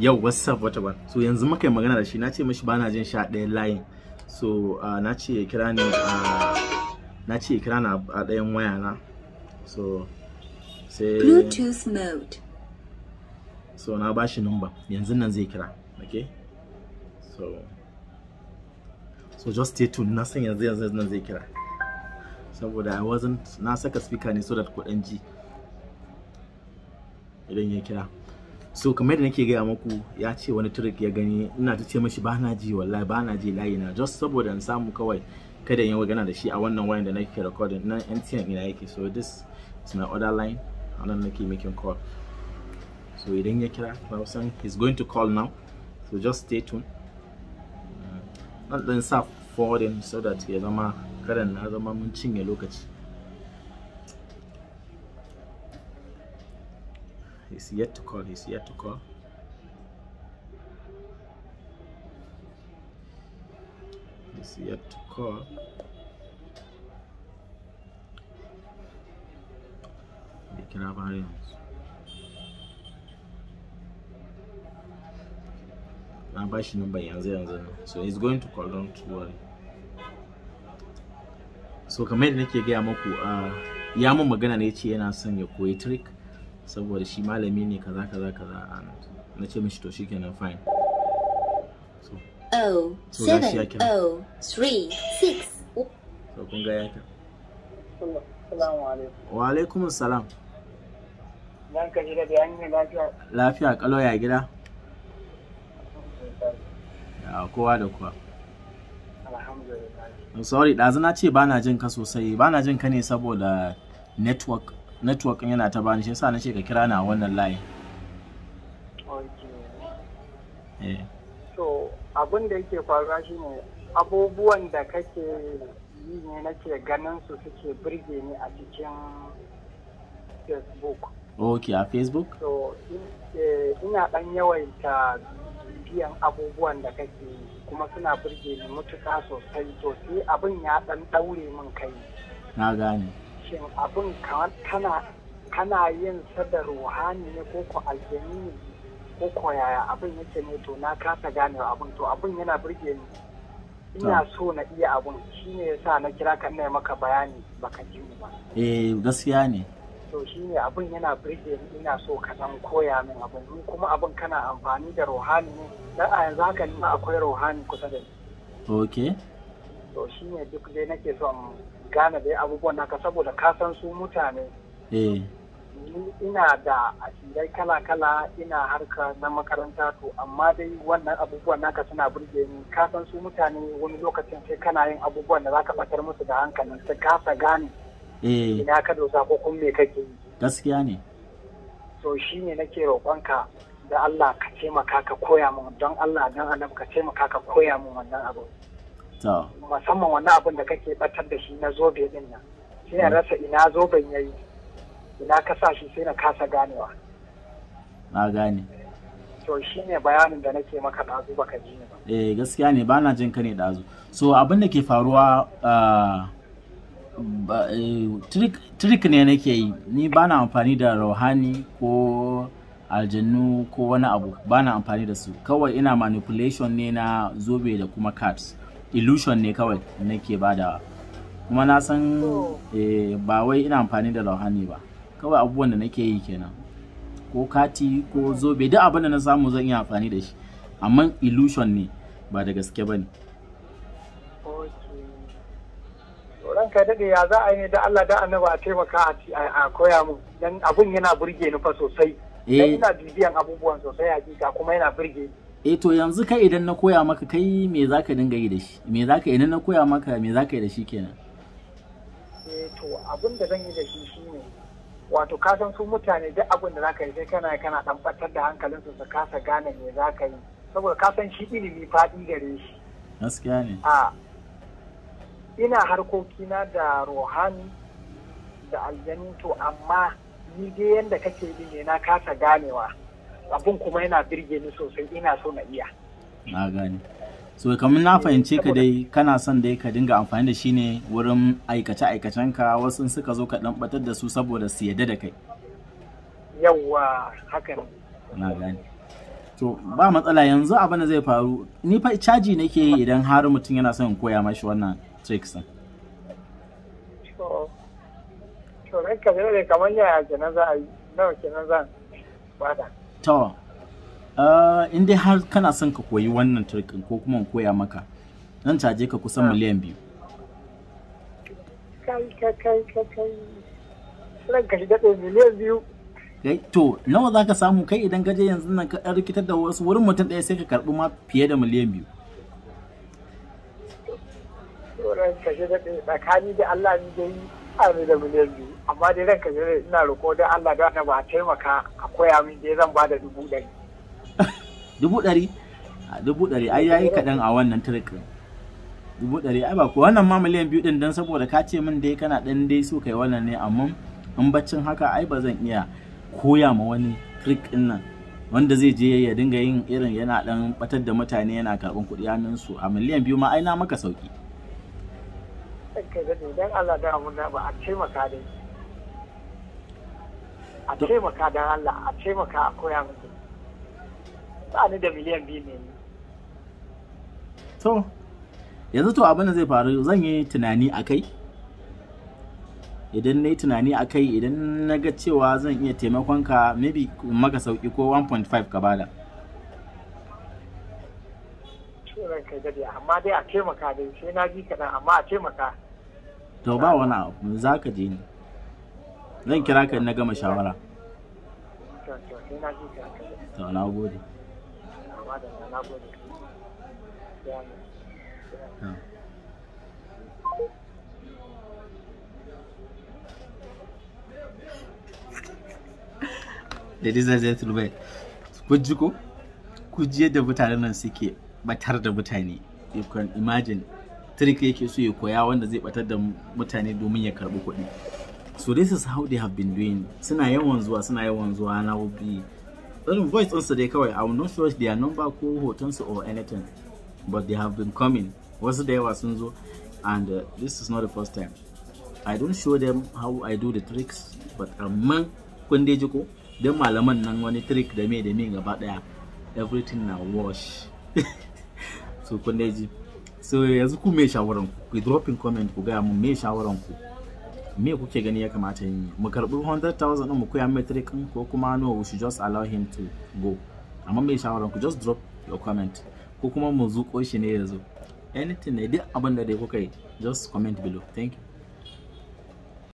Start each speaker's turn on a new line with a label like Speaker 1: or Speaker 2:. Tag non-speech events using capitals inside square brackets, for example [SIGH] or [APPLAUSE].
Speaker 1: yau whatsapp wata ba so yanzu muka yi magana da shi na ce mashi bana jin sha ɗaya layin so na ce ya kira ni na ce ya kira na a ɗayan waya na so sai bluetooth mode so na ba shi number yanzu nan zai kira okay so so just stay tuned na san yanzu yanzu nan zai kira saboda i wasn't na saka speaker ne so that ku ji idan ya kira so kamar da nake gaya muku ya ce wani trick ya gani ina ta ce mashi bana ji wallahi bana ji layi na just saboda in samu kawai kada yin yi magana da shi a wannan wayan da nake recording nan MTN ina yake so this is my other line anan nake making call so idan ya kira ba san he's going to call now so just stay tuned nan dan sa forwarding so that ya zama karan na zama mun cinye lokaci He's yet to call. He's yet to call. He's yet to call. Bai can have har Na yanzu yanzu So he's going to call. Don't worry. So kamar yadda nake gaya muku ah, ya mun magana ne ce yana son ya koyi trick. saboda shi malami ne kaza kaza kaza na ce mishi to kenan fine so oh so seven oh
Speaker 2: three six so
Speaker 1: kun ga ya wa alaikum salam
Speaker 2: dan ka gida da
Speaker 1: lafiya lafiya ya gida ya kowa da kowa alhamdulillah sorry ɗazu na ce ba na jin ka sosai ba na jin ka ne saboda network network yana ta bani shi yasa na ce ka kira na wannan layin eh.
Speaker 2: to abin da yake faruwa ne abubuwan da kake yi ne nake ganin su suke birge ni a cikin facebook
Speaker 1: ok a facebook
Speaker 2: so eh, ina ɗan yawaita biyan abubuwan da kake yi kuma suna birge ni mutuka sosai sosai abin ya dan daure min kai na gane shin abin kana kana yin sa da ruhani ne ko ko aljani ne ko ko yaya abin yake ne to na kasa gane abin to abin yana burge ni ina so na iya abin shine yasa na kira ka ina maka bayani baka ji ba
Speaker 1: eh gaskiya ne
Speaker 2: to shine abin yana burge ni ina so ka san koya min abin ni kuma abin kana amfani da ruhani ne dan a yanzu haka ni akwai ruhani kusa da ni okay to shi ne duk dai nake son gane dai abubuwan naka saboda ka san su mutane eh. ina da asirai kala-kala ina harka na makaranta to amma dai wannan abubuwan naka suna burge ni ka san su mutane wani lokacin sai kana yin abubuwan da zaka batar musu da hankalin su kasa gane eh. ina ka dosa ko kun me kake yi gaskiya ne to shine nake roƙonka da Allah ka taimaka ka koya min don Allah don Allah ka taimaka ka koya min wannan abu musamman wani abin da kake batar da shi na zobe din nan sai na mm. rasa ina zoben yayi ina ka sa shi sai na kasa ganewa na gane to shi ne bayanin da nake maka ɗazu baka ji ne ba
Speaker 1: eh gaskiya ne ba na jin ka ne ɗazu so abin da ke faruwa ah, eh, trick ne nake yi ni ba na amfani da rohani ko aljannu ko wani abu ba na amfani da su kawai ina manipulation ne na zobe da kuma cards illusion ne kawai nake badawa kuma na san eh, ba wai ina amfani da lauhani ba kawai abubuwan da nake yi kenan ko kati ko zobe duk abin da na samu zan iya amfani da shi amma illusion ne ba da gaske ba ne
Speaker 2: ranka daɗe ya za a yi ne da Allah da annaba a taimaka a koya mu dan abun yana burge ni fa sosai eh. ina bibiyan abubuwan sosai
Speaker 1: hakika kuma yana burge ni E, to yanzu kai idan na koya maka kai me za ka dinga yi da shi me za ka idan na koya maka me za ka yi da shi kenan
Speaker 2: eh to abin da zan yi da shi shine wato ka san su mutane duk abin da za ka yi sai kana kana dan batar da hankalin su su kasa gane me za ka yi saboda ka san shi ilimi faɗi gare shi gaskiya ne a ina harkokina da rohani da aljanu to amma ni dai yanda kake yi ne na kasa ganewa abun kuma yana birge ni sosai ina so na iya
Speaker 1: na gani so kamar na fahimce ka dai kana son dai ka dinga amfani da shi ne wurin aikace aikacen ka wasu suka zo ka dan batar da su saboda su yadda da kai
Speaker 2: Yawwa hakan
Speaker 1: na gani to ba matsala yanzu abin da zai faru ni fa caji nake yi idan har mutum yana son koya mashi wannan tricks din to
Speaker 2: ne kamar yaya kenan za a yi nawa kenan zan bada
Speaker 1: to eh, in dai har kana son ka koyi wannan turkin ko kuma in koya maka zan caje ka kusan ah. miliyan biyu miliyan biyu to nawa za ka samu kai idan gaje yanzu nan ka rikitar da wasu wurin mutum ɗaya sai ka karɓi ma fiye da miliyan biyu
Speaker 2: tsakani da Allah ni dai ni da miliyan biyu. Amma dai ranka jere ina roƙo don Allah da ba a taimaka a koya min dai zan bada dubu ɗari.
Speaker 1: [LAUGHS] Dubu ɗari? Dubu ɗari ai yayi kaɗan a wannan tirikin. Dubu ɗari ai ba ku wannan ma miliyan biyu ɗin don saboda ka ce min dai kana ɗan dai so kai wannan ne amma in baccin haka ai ba zan iya koya ma wani trick ɗin nan. wanda zai je ya dinga yin irin yana ɗan batar da mutane yana karɓan kuɗi hannun su a miliyan biyu ma aina maka sauki
Speaker 2: a dai a Allah a a koya ba ni biyu ne
Speaker 1: to yanzu to abin da zai faru zan yi tunani a kai idan na yi tunani a kai idan na ga cewa zan iya taimakon ka maybe maka sauki ko 1.5 ka bada
Speaker 2: amma dai a taimaka dai sai na ji kaɗan amma a taimaka
Speaker 1: to ba wani abu za ka je ni zan kira ka na gama shawara to na gode Ladies and gentlemen, ku ji Ku ji yadda mutanen nan suke batar da mutane. You can imagine trick yake so ya koya wanda zai batar da mutane domin ya karbi kuɗi so this is how they have been doing suna yawan zuwa suna yawan zuwa na wobi irin voice ɗinsu dai kawai i'm not sure their number ko hotonsu or anything but they have been coming wasu da yawa sun zo and uh, this is not the first time i don't show them how i do the tricks but amma kun dai jiko, ko don malaman nan wani trick da me da me gaba ɗaya. everything na wash [LAUGHS] so kun dai ji so yanzu ku me shawaran ku ku dropping comment ku gaya mun me shawaran ku me kuke gani ya kamata yin mu karbi 100,000 din mu koya metric din ko kuma no we should just allow him to go amma me shawaran ku just drop your comment ko kuma mu zuƙo shi ne yanzu anything ne duk abin da dai kuka yi just comment below thank you